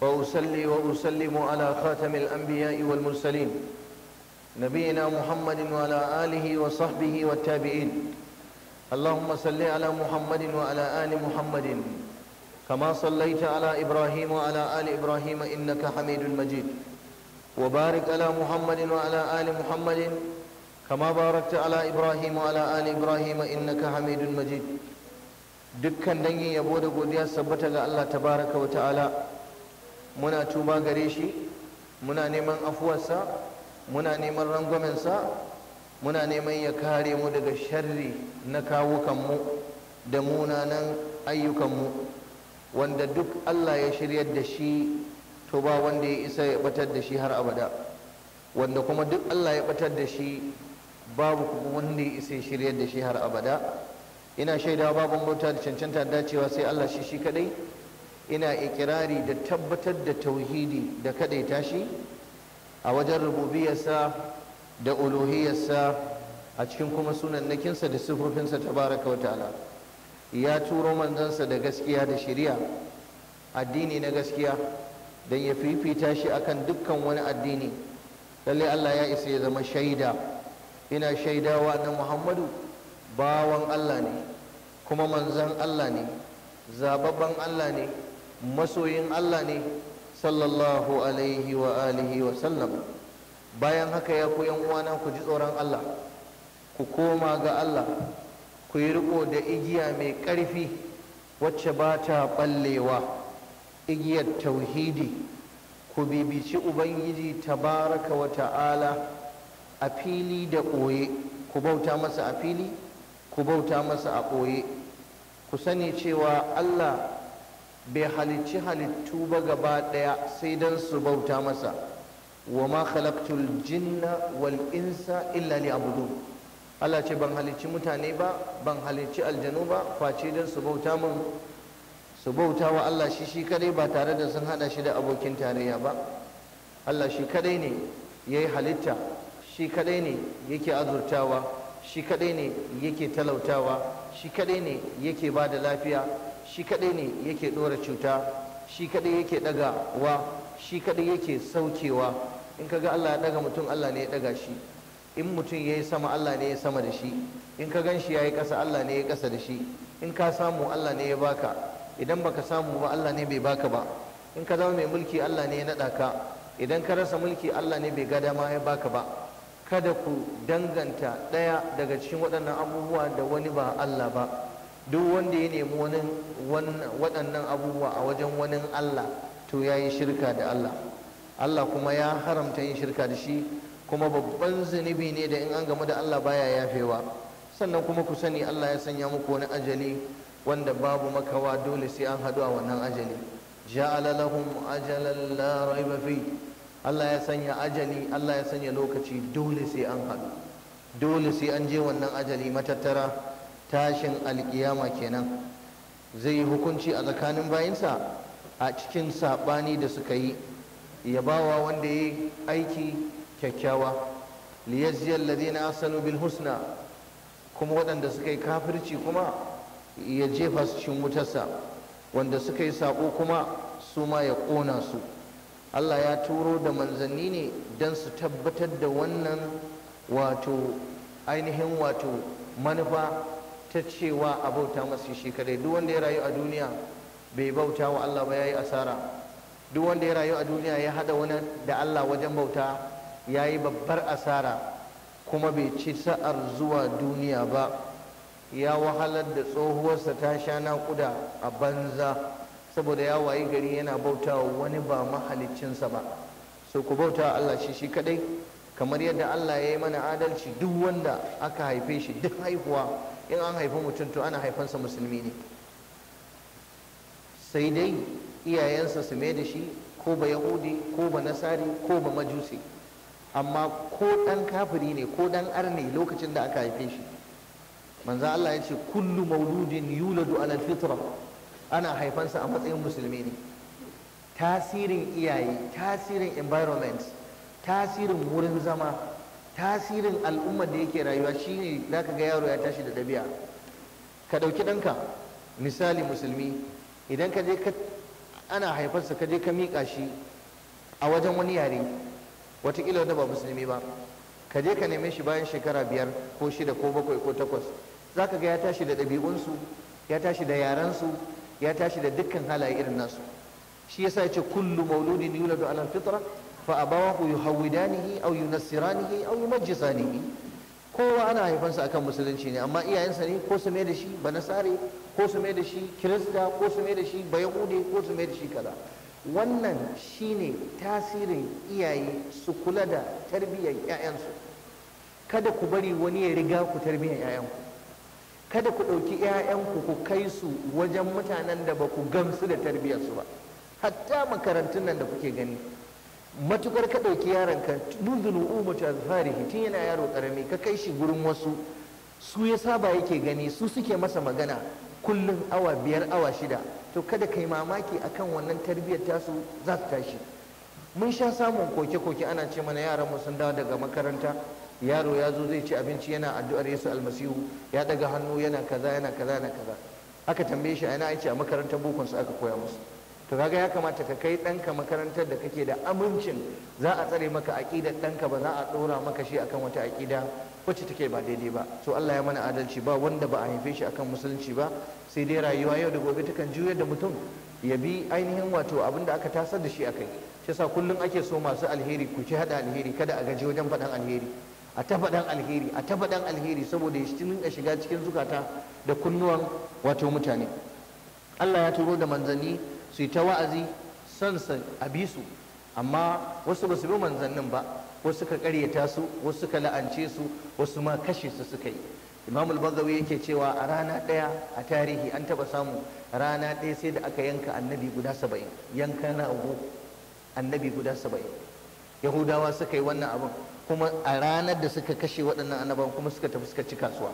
وأصلي وأسلم على خاتم الأنبياء والمرسلين نبينا محمد وعلى آله وصحبه والتابعين اللهم صل على محمد وعلى آل محمد كما صليت على إبراهيم وعلى آل إبراهيم إنك حميد مجيد وبارك على محمد وعلى آل محمد كما باركت على إبراهيم وعلى آل إبراهيم إنك حميد مجيد دكا دنيا يبود قد سبتك الله تبارك وتعالى muna tuba gare shi muna neman afuwarsa muna neman rangwamensa muna neman ya kare mu daga sharri na kawukanmu da munanan ayyukanmu wanda duk Allah ya shiryar da shi to ba wanda ya isa ya batar da shi har abada wanda kuma duk Allah ya batar da shi babu kuma wanda ya isa ya shiryar da shi har abada ina shaidawa babu mota da cancanta dacewa sai Allah shi shi kadai ina ikirari da tabbatar da tauhidi da kadaita shi a wajen rububiyarsa da uluhiyarsa a cikin kuma sunannakinsa da ta baraka wa ta'ala ya turo manzansa da gaskiya da shirya addini na gaskiya don ya fifita shi akan dukkan wani addini lallai Allah ya isa ya zama shaida ina shaidawa na Muhammadu bawan Allah ne kuma manzan Allah ne zababban Allah ne masoyin Allah ne sallallahu alaihi wa alihi wa sallam bayan haka ya ku yan uwana ku ji tsoron Allah ku koma ga Allah ku yi riko da igiya mai ƙarfi wacce ba ta ɓallewa igiyar tauhidi ku bibici ubangiji tabaraka wa ta'ala a fili da ɓoye ku bauta masa a fili ku bauta masa a ɓoye ku sani cewa Allah bai halicci halittu ba gaba ɗaya sai don su bauta masa wa ma khalaqtul jinna wal insa illa abudu Allah ce ban halicci mutane ba ban halicci aljanu ba face don su bauta mun su bauta wa Allah shi shi kadai ba tare da sun hada shi da abokin tarayya ba Allah shi kadai ne yayi halitta shi kadai ne yake azurtawa shi kadai ne yake talautawa shi kadai ne yake ba da lafiya shi kadai ne yake dora cuta shi kadai yake wa shi kadai yake saukewa in kaga Allah ya daga mutum Allah ne ya daga shi in mutum yayi sama Allah ne ya sama da shi in ka gan shi yayi kasa Allah ne ya kasa da shi in ka samu Allah ne ya baka idan baka samu ba Allah ne bai baka ba in ka zama mai mulki Allah ne ya nada ka idan ka rasa mulki Allah ne bai ga dama ya baka ba kada ku danganta ɗaya daga cikin waɗannan abubuwa da wani ba Allah ba duk wanda ya nemi wani waɗannan abubuwa a wajen wani Allah to ya yi shirka da Allah Allah kuma ya haramta yin shirka da shi kuma babban zunubi ne da in an gamu da Allah baya yafewa sannan kuma ku sani Allah ya sanya muku wani ajali wanda babu makawa dole sai an haɗu a wannan ajali ja'ala lahum ajalan la raiba fi Allah ya sanya ajali Allah ya sanya lokaci dole sai an haɗu dole sai an je wannan ajali matattara tashin alkiyama kenan zai yi hukunci a tsakanin bayansa a cikin saɓani da suka yi ya bawa wanda ya yi aiki kyakkyawa liyaziyar ladina asanu bil husna kuma waɗanda suka yi kafirci kuma ya jefa su cikin wutarsa wanda suka yi saƙo kuma su ma ya ƙona su allah ya turo da manzanni ne don su tabbatar da wannan wato ainihin wato manufa ta cewa a bauta masu shi kadai duk wanda ya rayu a duniya bai bauta wa Allah ba yayi asara duk wanda ya rayu a duniya ya hada wani da Allah wajen bauta yayi babbar asara kuma bai ci sa'ar zuwa duniya ba ya wahalar da tsohuwarsa ta sha naƙuda a banza saboda ya wayi gari yana bauta wa wani ba mahaliccinsa ba so ku bauta wa Allah shi shi kadai kamar yadda Allah ya yi mana adalci duk wanda aka haife shi duk haihuwa in an haifi mutum to ana haifansa musulmi ne sai dai iyayensa su mai da shi ko ba yahudi ko ba nasari ko ba majusi amma ko ɗan kafiri ne ko ɗan arne lokacin da aka haife shi manzan Allah ya ce kullu mauludin yuladu alal fitra ana haifansa a matsayin musulmi ne tasirin iyaye tasirin environment tasirin wurin zama tasirin al'ummar da yake rayuwa shine za ka ga yaro ya tashi da ɗabi'a ka ɗauki ɗanka misali musulmi idan ka je ka ana haifarsa ka je ka miƙa shi a wajen wani yare watakila wanda ba musulmi ba ka je ka neme shi bayan shekara biyar ko shida ko bakwai ko takwas za ka ga ya tashi da ɗabi'unsu ya tashi da yarensu ya tashi da dukkan halaye irin nasu shi yasa ya ce kullu mauludin yuladu ala fitra fa abawahu yuhawidanihi aw yunassiranihi aw yumajjisanihi kowa ana haifansa akan musulunci ne amma iyayensa ne ko su mai da shi ba nasare ko su da shi kirista ko su da shi ba yahude ko su da shi kaza wannan shine tasirin iyaye su kula da tarbiyyar 'ya'yansu kada ku bari wani ya riga ku tarbiyyar 'ya'yanku kada ku ɗauki 'ya'yanku ku kai su wajen mutanen da ba ku gamsu da su ba hatta makarantun nan da kuke gani matukar ka ɗauki yaron ka mundu ta azfarihi tun yana yaro karami ka kai shi gurin wasu su ya saba yake gani su suke masa magana kullum awa biyar awa shida to kada kai mamaki akan wannan tarbiyyar tasu za su tashi mun sha samun koke-koke ana ce mana yaran mu sun dawo daga makaranta yaro ya zo zai ci abinci yana addu'ar Yesu almasihu ya daga hannu yana kaza yana kaza yana kaza aka tambaye shi a ina aiki a makarantar bukun aka koya musu to kaga ya kamata ka kai ɗanka makarantar da kake da amincin za a tsare maka aƙidar ɗanka ba za a ɗora maka shi akan wata aƙida wacce take ba daidai ba so Allah ya mana adalci ba wanda ba a haife shi akan musulunci ba sai dai rayuwa yau da gobe takan juya da mutum ya bi ainihin wato abin da aka tasar da shi akai shi yasa kullum ake so masu alheri ku ci hada alheri kada a gaji wajen faɗan alheri a ta faɗan alheri a ta faɗan alheri saboda ya dinga shiga cikin zukata da kunnuwan wato mutane Allah ya turo da manzanni su yi ta wa'azi son su a bi su amma wasu ba su bi manzannin ba wasu ka karyata su wasu ka la'ance su wasu ma kashe su suka yi imam al bazawi yake cewa a rana ɗaya a tarihi an taɓa samu rana ɗaya sai da aka yanka annabi guda saba'in yanka na abu annabi guda saba'in yahudawa suka yi wannan abin kuma a ranar da suka kashe waɗannan annabawan kuma suka tafi suka ci kasuwa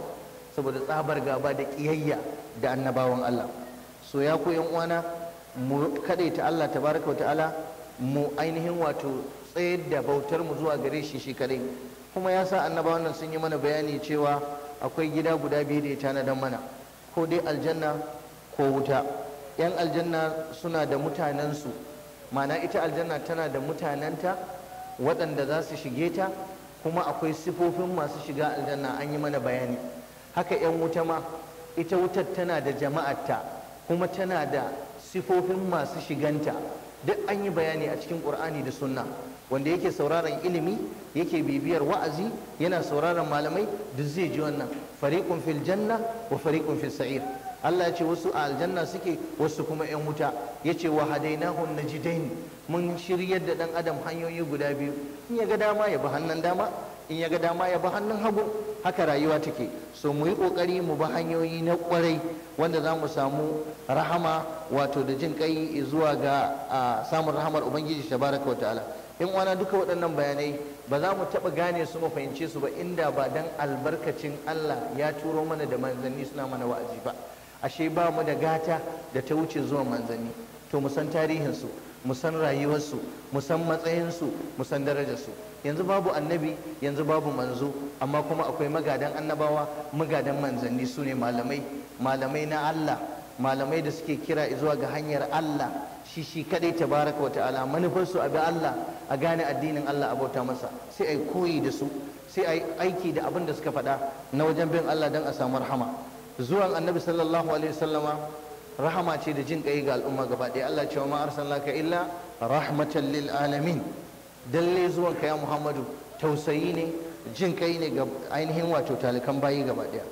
saboda tsabar gaba da ƙiyayya da annabawan allah so ya ku yan uwana mu ta Allah tabaraka wa ta'ala mu ainihin wato tsayar da bautar mu zuwa gare shi shi kadai kuma ya sa annabawan sun yi mana bayani cewa akwai gida guda biyu da ya tanadar mana ko dai aljanna ko wuta yan aljanna suna da mutanensu ma'ana ita aljanna tana da mutanenta waɗanda za su shige ta kuma akwai sifofin masu shiga aljanna an yi mana bayani haka yan wuta ma ita wutar tana da jama'arta kuma tana da sifofin masu shiganta duk an yi bayani a cikin ƙur'ani da sunna wanda yake sauraron ilimi yake bibiyar wa'azi yana sauraron malamai duk zai ji wannan fariqun fil janna wa fariqun fil sa'ir Allah ya ce wasu a aljanna suke wasu kuma yan wuta ya ce wa ji najidain mun shiryar da ɗan adam hanyoyi guda biyu in ya ga dama ya bi hannun dama in ya ga dama ya bi hannun hagu haka rayuwa take so mu yi kokari mu bi hanyoyi na kwarai wanda za mu samu rahama wato da jin kai zuwa ga samun rahamar ubangiji tabaraka wa ta'ala in wana duka waɗannan bayanai ba za mu taɓa gane su mu fahimce su ba inda ba dan albarkacin Allah ya turo mana da manzanni suna mana wa'azi ba ashe ba mu da gata da ta wuce zuwa manzanni to mu san tarihin su Musan rayuwarsu musan matsayinsu musan darajarsu yanzu babu annabi yanzu babu manzo amma kuma akwai magadan annabawa magadan manzanni su ne malamai malamai na Allah malamai da suke kira zuwa ga hanyar Allah shi shi kadai tabaraka wa ta'ala manufarsu a bi Allah a gane addinin Allah a bauta masa sai ai koyi da su sai ai aiki da abin da suka faɗa na wajen bin Allah don a samu rahama zuwan annabi sallallahu alaihi wasallama rahama ce da jin kai ga al'umma gaba ɗaya Allah wa ma arsalnaka illa rahmatan lil alamin dalle zuwan ka ya Muhammadu tausayi ne jin kai ne ga ainihin wato talikan bayi gaba ɗaya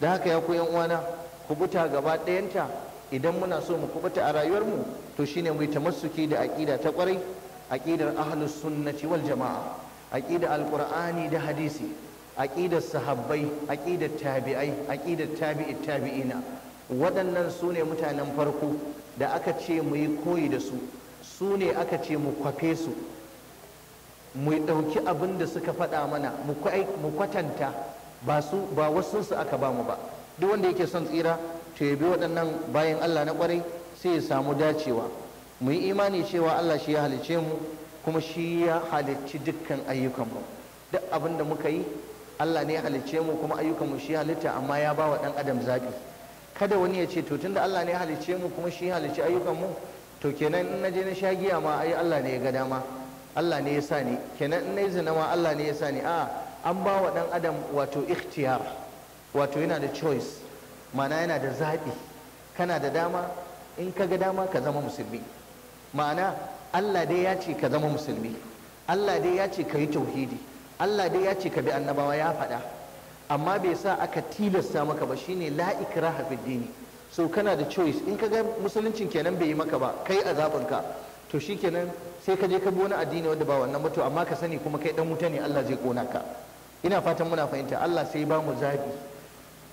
da haka ya ku yan uwana kubuta gaba ɗayanta idan muna so mu kubuta a rayuwarmu to shine mu yi tamassuki da aqida ta kwarai aqidar ahlus sunnati wal jamaa aƙidar alqur'ani da hadisi aqidar sahabbai aqidar tabi'ai aqidar tabi'i tabi'ina waɗannan su ne mutanen farko da aka ce mu yi koyi da su su ne aka ce mu kwafe su mu ɗauki abin da suka faɗa mana mu kwatanta ba su ba wasu su aka ba mu ba duk wanda yake son tsira to ya bi waɗannan bayan allah na ƙwarai sai ya samu dacewa mu yi imani cewa allah shi ya halicce mu kuma shi ya halicci dukkan ayyukanmu duk abin da muka yi allah ne ya halicce mu kuma ayyukanmu shi halitta amma ya ba wa ɗan adam zaɓi kada wani ya ce to tunda Allah ne ya halicce mu kuma shi halicce ayyukan mu to kenan in naje na sha giya ma ai Allah ne ya ga dama Allah ne ya sa ni kenan in nayi zina ma Allah ne ya sa ni a an ba wa dan adam wato ikhtiyar wato yana da choice ma'ana yana da zaɓi kana da dama in ka ga dama ka zama musulmi ma'ana Allah dai ya ce ka zama musulmi Allah dai ya ce ka yi tauhidi Allah dai ya ce ka bi annabawa ya faɗa amma bai sa aka tilasta maka ba shine la ikraha fid dini so kana da choice in ka ga musuluncin kenan bai yi maka ba kai azabin ka to shi kenan sai ka je ka bi wani addini wanda ba wannan mutu amma ka sani kuma kai dan wuta ne Allah zai kona ka ina fatan muna fahimta Allah sai ba mu zabi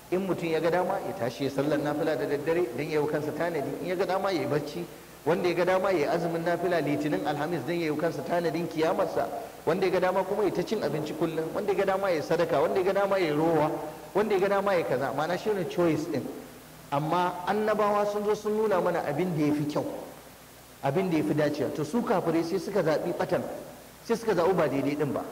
in mutum ya ga dama ya tashi ya sallar nafila da daddare dan yayi kansa tanadi in ya ga dama yayi barci wanda ya ga dama yayi azumin nafila litinin alhamis dan yayi kansa tanadin kiyamarsa wanda ya ga dama kuma ya ta cin abinci kullum wanda ya ga dama ya sadaka wanda ya ga dama ya rowa wanda ya ga dama ya kaza ma'ana shi ne choice din amma annabawa sun zo sun nuna mana abin da ya fi kyau abin da ya fi dacewa to su kafirai sai suka zaɓi ɓatan sai suka zaɓi ba daidai din ba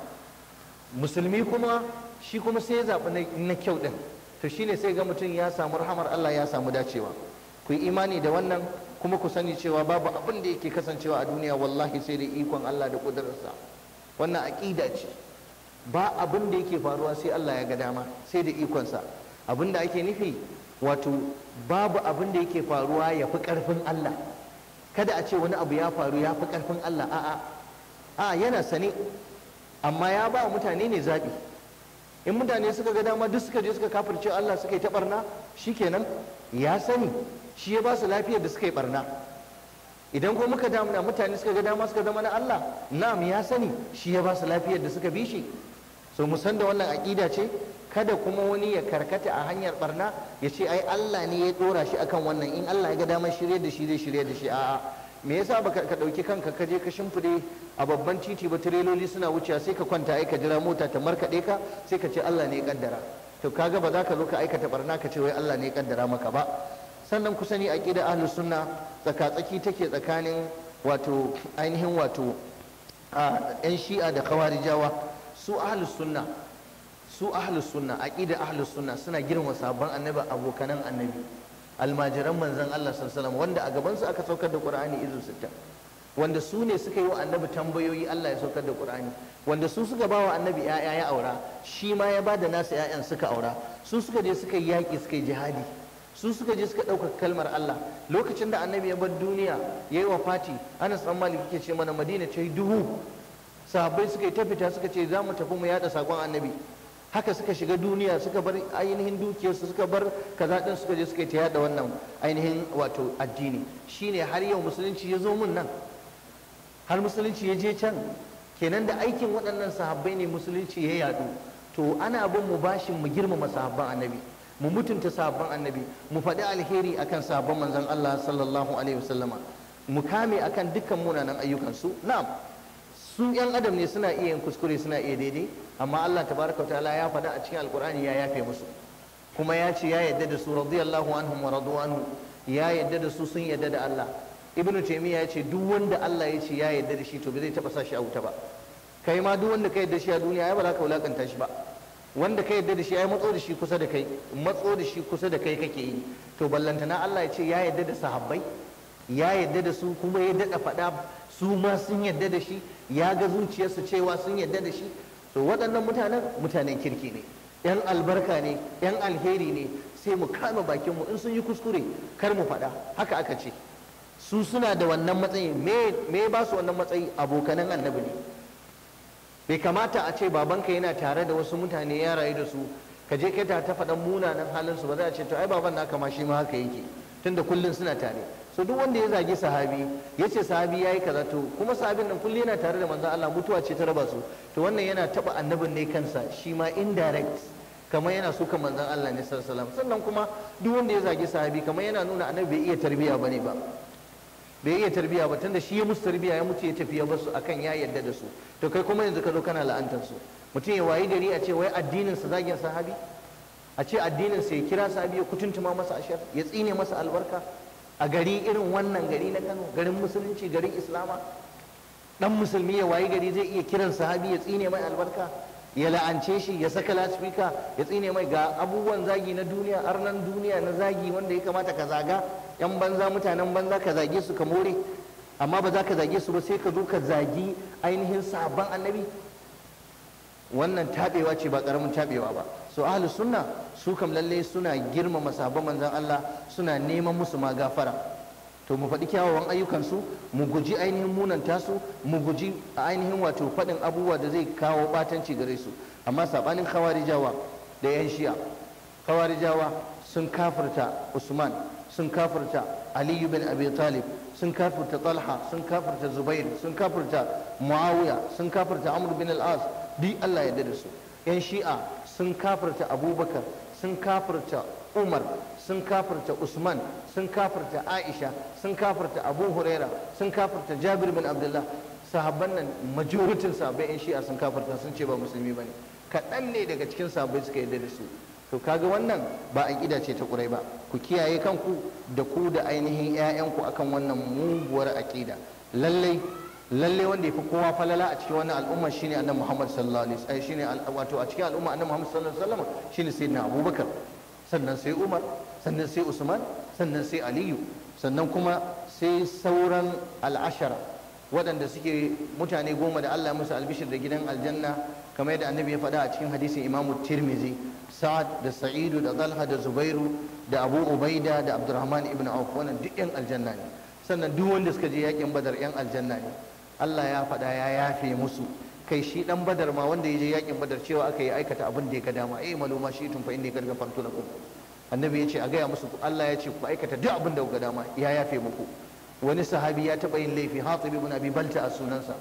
musulmi kuma shi kuma sai ya zaɓi na kyau din to shine sai ga mutum ya samu rahamar Allah ya samu dacewa ku yi imani da wannan kuma ku sani cewa babu abin da yake kasancewa a duniya wallahi sai da ikon Allah da ƙudurarsa wannan aƙida ce ba abin da yake faruwa sai Allah ya ga dama sai da ikonsa abin da ake nufi wato babu abin da yake faruwa ya fi ƙarfin Allah kada a ce wani abu ya faru ya fi ƙarfin Allah a'a a yana sane amma ya ba mutane ne zaɓi in mutane suka ga dama duk suka je suka kafirce Allah suka yi ta barna shikenan ya sani shi ya ba su lafiyar da suka yi barna idan ko muka damuna mutane suka ga dama suka zama na Allah na'am ya sani shi ya ba su lafiyar da suka bi shi so mu san da wannan aƙida ce kada kuma wani ya karkata a hanyar barna ya ce ai Allah ne ya dora shi akan wannan in Allah ya ga damar shirye da shi zai shirye da shi a'a me yasa baka ka dauki kanka ka je ka shimfide a babban titi ba tireloli suna wucewa sai ka kwanta ai ka jira mota ta markade ka sai ka ce Allah ne ya kaddara to kaga ba za ka zo ka aikata barna ka ce wai Allah ne ya kaddara maka ba sannan kusa ne a ƙida sunna tsakatsaki take tsakanin wato ainihin wato a yan shi'a da khawarijawa su ahlus su ahlus a ƙida ahlus suna girma sabon annabi abokanan annabi almajiran manzan Allah sallallahu wanda a gaban su aka saukar da Qur'ani izu sitta. wanda su ne suka yi wa annabi tambayoyi Allah ya saukar da Qur'ani wanda su suka ba wa annabi ya'ya ya aura shi ma ya ba da nasa ya'yan suka aura su suka je suka yi yaƙi suka yi jihadi su suka je suka ɗaukaka kalmar Allah lokacin da annabi ya bar duniya ya yi wa fati ana tsammani kuke ce mana madina ce duhu sahabbai suka yi tafita suka ce za mu tafi mu yada sakon annabi haka suka shiga duniya suka bar ainihin dukiyarsu suka bar kaza din suka je suka yi ta yada wannan ainihin wato addini shine har yau musulunci ya zo mun nan har musulunci ya je can kenan da aikin waɗannan sahabbai ne musulunci ya yaɗu, to ana bin mu bashin mu girmama sahabban annabi mu mutunta sabon annabi mu faɗi alheri akan sabon manzon Allah sallallahu alaihi wasallama mu kame akan dukkan munanan ayyukan su na'am su yan adam ne suna iya yin kuskure suna iya daidai amma Allah tabaraka ta'ala ya faɗa a cikin alkur'ani ya yafe musu kuma ya ce ya yadda da su radiyallahu anhum wa radu anhu ya yadda da su sun yadda da Allah ibnu taymiya ya ce duk wanda Allah ya ce ya yadda da shi to ba zai taba sa shi a wuta ba kai ma duk wanda ka yadda shi a duniya ya ba za ka wulakanta shi ba wanda ka yadda da shi ya matso da shi kusa da kai matso da shi kusa da kai kake yi to ballantana Allah ya ce ya yadda da sahabbai ya yadda da su kuma ya daɗa faɗa su ma sun yadda da shi ya ga zuciyarsu cewa sun yadda da shi to waɗannan mutanen mutanen kirki ne yan albarka ne yan alheri ne sai mu kama bakin mu, in sun yi kuskure kar mu faɗa haka aka ce su suna da wannan matsayi me ba su wannan matsayi abokanan annabi ne bai kamata a ce babanka yana tare da wasu mutane ya rayu da su ka je kai ta faɗa munanan halin su ba za a ce to ai baban naka ma shi ma haka yake tunda kullun suna tare so duk wanda ya zagi sahabi ya ce sahabi ya yi kaza to kuma sahabin nan kullum yana tare da manzon Allah mutuwa ce ta raba su to wannan yana taba annabin ne kansa shi ma indirect kamar yana suka manzon Allah ne sallallahu alaihi wasallam sannan kuma duk wanda ya zagi sahabi kamar yana nuna annabi bai iya tarbiya bane ba bai iya tarbiya ba tunda shi ya musu tarbiya ya mutu ya tafi ya basu akan ya yarda da su to kai kuma yanzu ka zo kana la'antar su mutum ya wayi gari a ce wai addinin sa zagin sahabi a ce addinin sa ya kira sahabi ya kutuntuma masa ashar ya tsine masa albarka a gari irin wannan gari na Kano garin musulunci garin islama dan musulmi ya wayi gari zai iya kiran sahabi ya tsine mai albarka ya la'ance shi ya saka lasfika ya tsine mai ga abubuwan zagi na duniya arnan duniya na zagi wanda ya kamata ka zaga yan banza mutanen banza ka zage su ka more amma ba za ka zage su ba sai ka zo ka zagi ainihin sabon annabi wannan taɓewa ce ba karamin taɓewa ba so ahli sunna su kam lalle suna girmama sabon manzan Allah suna neman musu ma gafara to mu faɗi kyawawan ayyukan su mu guji ainihin munanta su mu guji ainihin wato faɗin abubuwa da zai kawo ɓatanci gare su amma sabanin khawarijawa da yan shi'a khawarijawa sun kafirta Usman sun kafirta aliyu bin abi talib sun kafirta talha sun kafirta zubair sun kafirta muawiya sun kafirta amr bin al-as duk Allah ya da su yan shi'a sun kafirta abubakar sun kafirta umar sun kafirta usman sun kafirta aisha sun kafirta abu huraira sun kafirta jabir bin abdullah sahabban nan majoritin sahabbai yan shi'a sun kafirta sun ce ba musulmi bane kaɗan ne daga cikin sahabbai suka yarda da su to kaga wannan ba a kida ce ta kurai ba ku kiyaye kanku da ku da ainihin 'ya'yanku akan wannan muguwar aƙida lallai lallai wanda ya fi kowa falala a cikin wannan al'umma shine annabi Muhammad sallallahu alaihi wasallam shine wato a cikin al'umma annabi Muhammad sallallahu alaihi wasallam shine sayyidina Abubakar sannan sai Umar sannan sai Usman sannan sai Aliyu sannan kuma sai sauran al'ashara waɗanda suke mutane goma da Allah musu albishir da gidan aljanna kamar yadda annabi ya faɗa a cikin hadisin Imam Tirmidhi sa'ad da sa'idu da talha da zubairu da abu ubaida da abdurrahman ibn auf wannan duk yan aljanna ne sannan duk wanda suka je yakin badar yan aljanna ne Allah ya faɗa ya yafe musu kai shi dan badar ma wanda ya je yakin badar cewa aka yi aikata abin da ya ga dama eh maluma shi tun fa inda ya karga farto lakum annabi ya ce a gaya musu Allah ya ce ku aikata duk abin da ga dama ya yafe muku wani sahabi ya taɓa yin laifi hatib ibn abi balta a sunansa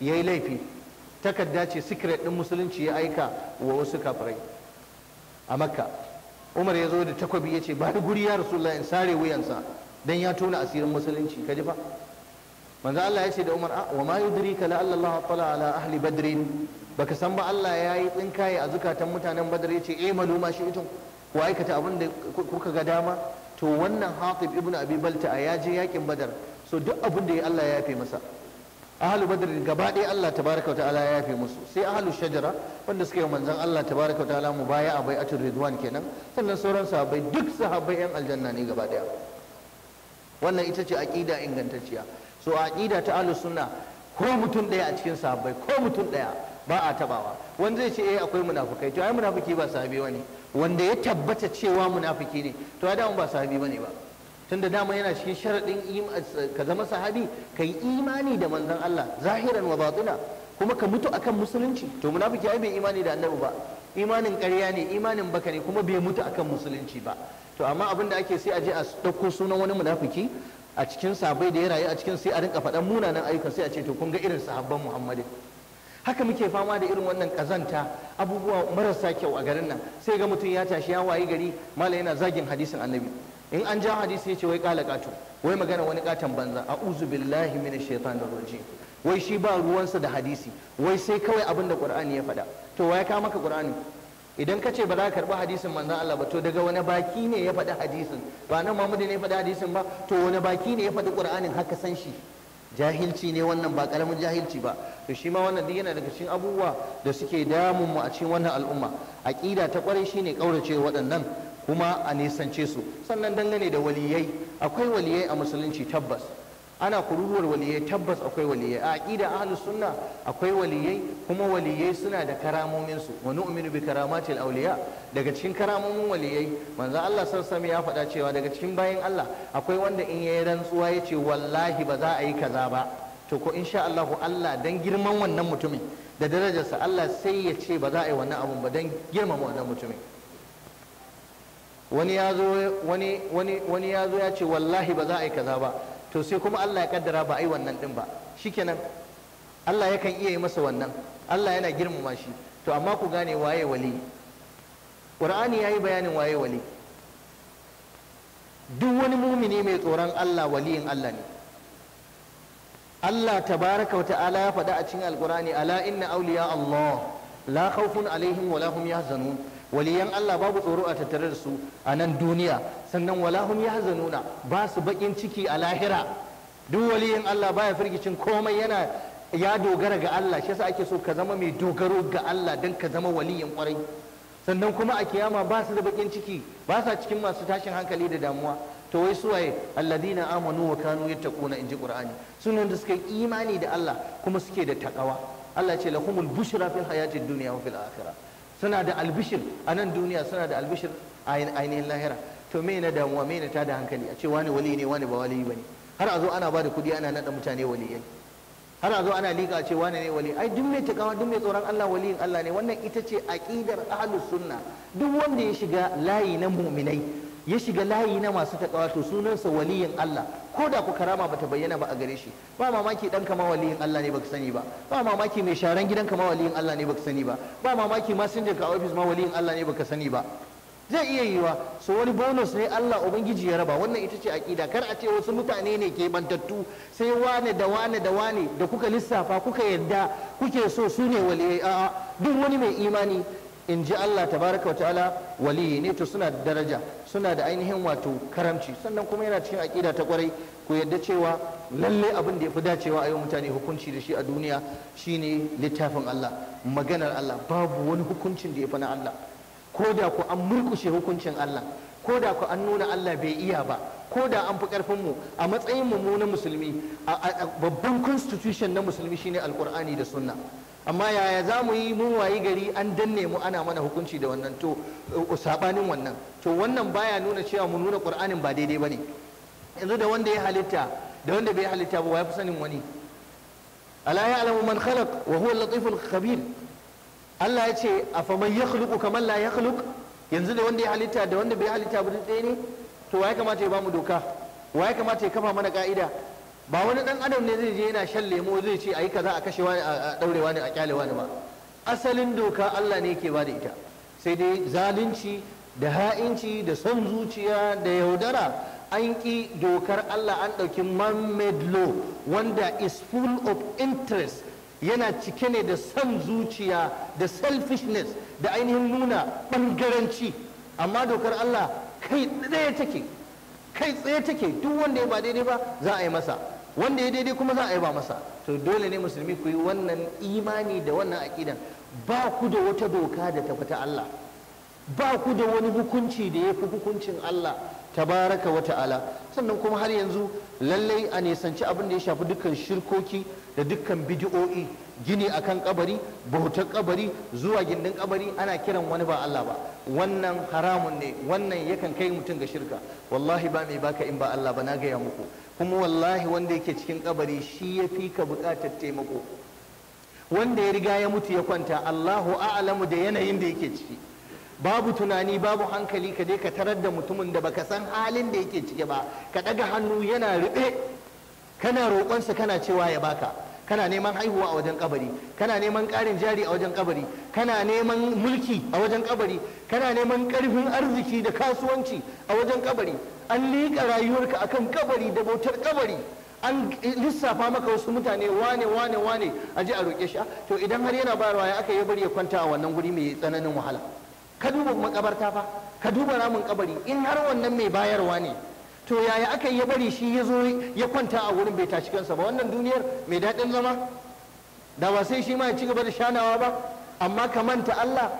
ya yi laifi takarda ce secret din musulunci ya aika wa wasu kafirai a makka umar ya zo da takwabi ya ce ba da guri ya rasulullah in sare wuyansa dan ya tona asirin musulunci ka ji fa manzo Allah ya ce da umar wa ma yudrika la Allah tala ala ahli badrin baka san ba Allah ya yi tsinkaye a zukatan mutanen badar ya ce eh maluma shi mutum ku aikata abin da kuka ga dama to wannan hatib ibnu abi balta ya je yakin badar so duk abin da ya Allah ya yafe masa ahalu badr gaba ɗaya Allah tabaraka ta'ala ya yafe musu sai ahalu shajara wanda suka yi manzon Allah tabaraka ta'ala mu baya a bai bai'atul ridwan kenan sannan sauran sahabbai duk sahabbai yan aljanna ne gaba ɗaya wannan ita ce aqida ingantacciya so aqida ta ahlus sunna ko mutum ɗaya a cikin sahabbai ko mutum ɗaya ba a tabawa wanda zai ce eh akwai munafukai to ai munafiki ba sahabi bane wanda ya tabbata cewa munafuki ne to a da ba sahabi bane ba tunda dama yana cikin sharaɗin ka zama sahabi ka yi imani da manzan Allah zahiran wa batina kuma ka mutu akan musulunci to munafiki ai bai imani da annabi ba imanin ƙarya ne imanin baka ne kuma bai mutu akan musulunci ba to amma abin da ake sai a je a ɗauko sunan wani munafiki a cikin sabai da ya rayu a cikin sai a rinka faɗan munanan ayyukan sai a ce to kun ga irin sahabban muhammadin haka muke fama da irin wannan kazanta abubuwa marasa kyau a garin nan sai ga mutum ya tashi ya wayi gari mala yana zagin hadisin annabi in an ja hadisi ce wai kala kato wai magana wani katon banza a'udhu billahi minash shaitanir wai shi ba ruwansa da hadisi wai sai kawai abin da qur'ani ya faɗa to wai ka maka qur'ani idan ka ce ba za ka karɓi hadisin manzan Allah ba to daga wani baki ne ya faɗi hadisin ba nan Muhammadu ne ya faɗi hadisin ba to wani baki ne ya faɗi Qur'anin haka san shi jahilci ne wannan ba karamin jahilci ba to shi ma wannan duk yana daga cikin abubuwa da suke damun mu a cikin wannan al'umma aqida ta kwarai shine kaurace waɗannan kuma a nisance su sannan dangane da waliyai akwai waliyai a musulunci tabbas ana kururuwar waliyai tabbas akwai waliyai a aqida ahlus sunna akwai waliyai kuma waliyai suna da karamomin su wa nu'minu bi karamatil awliya daga cikin karamomin waliyai manzo Allah sallallahu ya faɗa cewa daga cikin bayan Allah akwai wanda in ya yayi rantsuwa ya ce wallahi ba za a yi kaza ba to ko in sha Allah Allah dan girman wannan mutumin da darajarsa Allah sai ya ce ba za a yi wannan abun ba dan girmama wannan mutumin wani ya zo ya ce wallahi ba za a yi kaza ba to sai kuma Allah ya kaddara ba a yi wannan din ba shikenan Allah yakan iya yi masa wannan Allah yana girmama shi to amma ku gane waye wali Qur'ani ya yi bayanin waye wali duk wani mumini mai tsoron Allah waliyin Allah ne Allah tabaraka wa ta'ala ya faɗa a cikin alkurani ala inna awliya Allah la khawfun alaihim wa la hum yahzanun waliyan Allah babu tsoro a tattare da su a nan duniya sannan walahum zanuna ba su bakin ciki a lahira duk waliyan Allah baya firgicin komai yana ya dogara ga Allah shi yasa ake so ka zama mai dogaro ga Allah dan ka zama waliyan kwarai sannan kuma a kiyama ba su da bakin ciki ba sa cikin masu tashin hankali da damuwa to wai suwaye alladina amanu wa kanu yattaquna inji qur'ani sunan da suka yi imani da Allah kuma suke da takawa Allah ce lahumul bushra fil hayatid dunya wa fil akhirah suna da albishir a nan duniya suna da albishir a ainihin lahira to me na damuwa me na tada hankali a ce wani wali ne wani ba wali ba ne har a zo ana ba da kudi ana nada mutane wali waliyai har a zo ana liƙa a ce wani ne wali ai duk mai takawa duk mai tsoron Allah waliyin Allah ne wannan ita ce aqidar ahlus sunna duk wanda ya shiga layi na mu'minai ya shiga layi na masu takawa to sunansa waliyin Allah ko da ku karama bata bayyana ba a gare shi ba mamaki dan kama waliyin Allah ne baka sani ba ba mamaki mai sharan gidan kama waliyin Allah ne baka sani ba ba mamaki ma sun ka office ma waliyin Allah ne baka sani ba zai iya yiwa so wani bonus ne Allah ubangiji ya raba wannan ita ce akida kar a ce wasu mutane ne ke bantattu sai wane da wane da wane da kuka lissafa kuka yarda kuke so su ne waliyai a'a duk wani mai imani in ji Allah ta tabaraka ta'ala wali" ne to suna da daraja suna da ainihin wato karamci sannan kuma yana cikin aƙida ta kwarai ku yadda cewa lalle abin da ya fi dacewa a yau mutane hukunci da shi a duniya shine littafin Allah maganar Allah babu wani hukuncin da ya fi na Allah ko da ku an murkushe hukuncin Allah ko da ku an nuna Allah bai iya ba ko da an fi karfin mu a matsayin mu na musulmi a babban constitution na musulmi shine alkur'ani da sunna amma yaya za mu yi mun wayi gari an danne mu ana mana hukunci da wannan to uh, sabanin wannan to wannan baya nuna cewa mu nuna qur'anin ba daidai bane yanzu da wanda ya halitta da wanda bai halitta ba ya fi sanin wani ala ya'lamu man khalaq wa huwa al-latiful khabir Allah ya ce man yakhluqu kaman la yakhluq yanzu da wanda ya halitta da wanda bai halitta ba ɗaya ne to ya kamata ya bamu doka ya kamata ya kafa mana ka'ida ba wani dan adam ne zai je yana shan lemo zai ce ayi kaza a kashe wani a daure wani a kyale wani ba asalin doka Allah ne yake bada ita sai dai zalunci da ha'inci da son zuciya da yaudara an ki dokar Allah an ɗauki man-made law wanda is full of interest yana cike ne da son zuciya da selfishness da ainihin nuna ɓangaranci amma dokar Allah kai tsaye take kai tsaye take duk wanda ya ba daidai ba za a yi masa wanda ya daidai kuma za a yi ba masa to dole ne musulmi ku yi wannan imani da wannan aƙidan ba ku da wata doka da ta Allah ba ku da wani hukunci da ya fi hukuncin Allah tabaraka wa ta'ala sannan kuma har yanzu lallai a nisanci abin da ya shafi dukkan shirkoki da dukkan bidi'o'i gini akan kabari bautar kabari zuwa gindin kabari ana kiran wani ba Allah ba wannan haramun ne wannan yakan kai mutum ga shirka wallahi ba mai baka in ba Allah ba na gaya muku kuma wallahi wanda yake cikin kabari shi ya fi ka bukatar taimako wanda ya riga ya mutu ya kwanta Allahu a'lamu da yanayin da yake ciki babu tunani babu hankali ka je ka tarar da mutumin da baka san halin da yake ciki ba ka daga hannu yana rube kana roƙonsa kana cewa ya baka kana neman haihuwa a wajen kabari kana neman ƙarin jari a wajen kabari kana neman mulki a wajen kabari kana neman ƙarfin arziki da kasuwanci a wajen kabari an liƙa rayuwarka a kan kabari da bautar kabari an lissafa maka wasu mutane wane wane wane a ji a roƙe shi to idan har yana bayarwa ya aka yi bari ya kwanta a wannan guri mai tsananin wahala ka duba makabarta fa ka duba ramin kabari in har wannan mai bayarwa ne to yaya aka yi bari shi ya zo ya kwanta a wurin bai tashi kansa ba wannan duniyar mai daɗin zama da ba sai shi ma ya ci gaba da shanawa ba amma ka manta Allah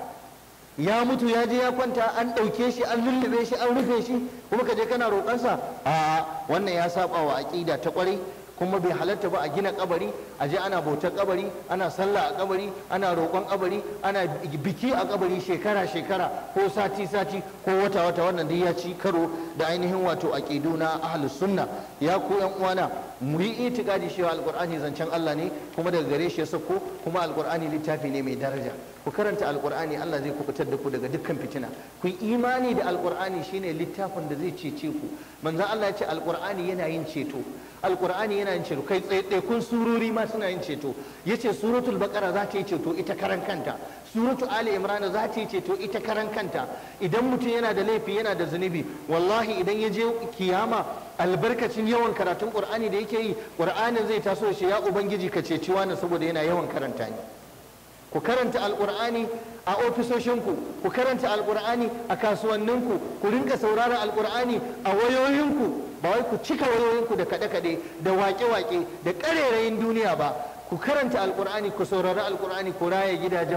ya mutu ya je ya kwanta an ɗauke shi an lullube shi an rufe shi kuma ka je kana roƙonsa a wannan ya saba wa aƙida ta ƙwarai kuma bai halatta ba a gina kabari a je ana bautar kabari ana sallah a kabari ana roƙon kabari ana biki a kabari shekara shekara ko sati sati ko wata wata wannan dai ya ci karo da ainihin wato aqidu na ahlus sunna ya ku yan uwana mu yi itikadi cewa alqur'ani zancen Allah ne kuma daga gare shi ya sako kuma alqur'ani littafi ne mai daraja ku karanta alkur'ani Allah zai kubutar da ku daga dukkan fitina ku yi imani da alkur'ani shine littafin da zai cece ku manzo Allah ya ce alkur'ani yana yin ceto alkur'ani yana yin ceto kai tsaye kun surori ma suna yin ceto Ya ce suratul baqara za ta yi ceto ita karan kanta suratu ali imran za ta yi ceto ita karan kanta idan mutum yana da laifi yana da zunubi wallahi idan ya je kiyama albarkacin yawan karatun qur'ani da yake yi qur'anin zai taso shi ya ubangiji ka ceci na saboda yana yawan karanta ni ku karanta alkur'ani a ofisoshinku ku karanta alkur'ani a kasuwanninku ku rinka sauraron alkur'ani a wayoyinku ba wai ku cika wayoyinku da kaɗe-kaɗe da waƙe-waƙe da ƙarerayin duniya ba ku karanta alkur'ani ku saurari alkur'ani ku raya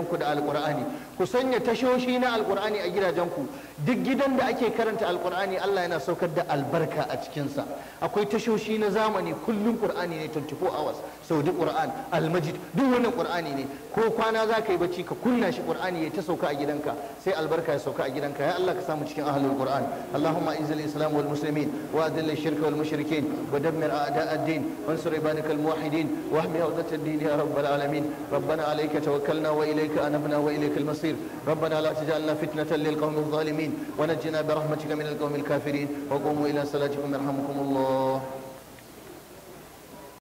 ku da alkur'ani ku sanya tashoshi na alkur'ani a gidajen ku duk gidan da ake karanta alkur'ani Allah yana saukar da albarka a cikinsa akwai tashoshi na zamani kullum qur'ani ne 24 hours saudi qur'an almajid duk wannan qur'ani ne ko kwana za ka yi bacci ka kunna shi qur'ani ya ta sauka a gidanka sai albarka ya sauka a gidanka ya Allah ka samu cikin ahlul qur'an Allahumma izil islam wal muslimin wa adil shirka wal mushrikin wa dammir a'da din wansur ibadakal muwahhidin wa ahmi الدين يا رب العالمين ربنا عليك توكلنا وإليك أنبنا وإليك المصير ربنا لا تجعلنا فتنة للقوم الظالمين ونجنا برحمتك من القوم الكافرين وقوموا إلى صلاتكم يرحمكم الله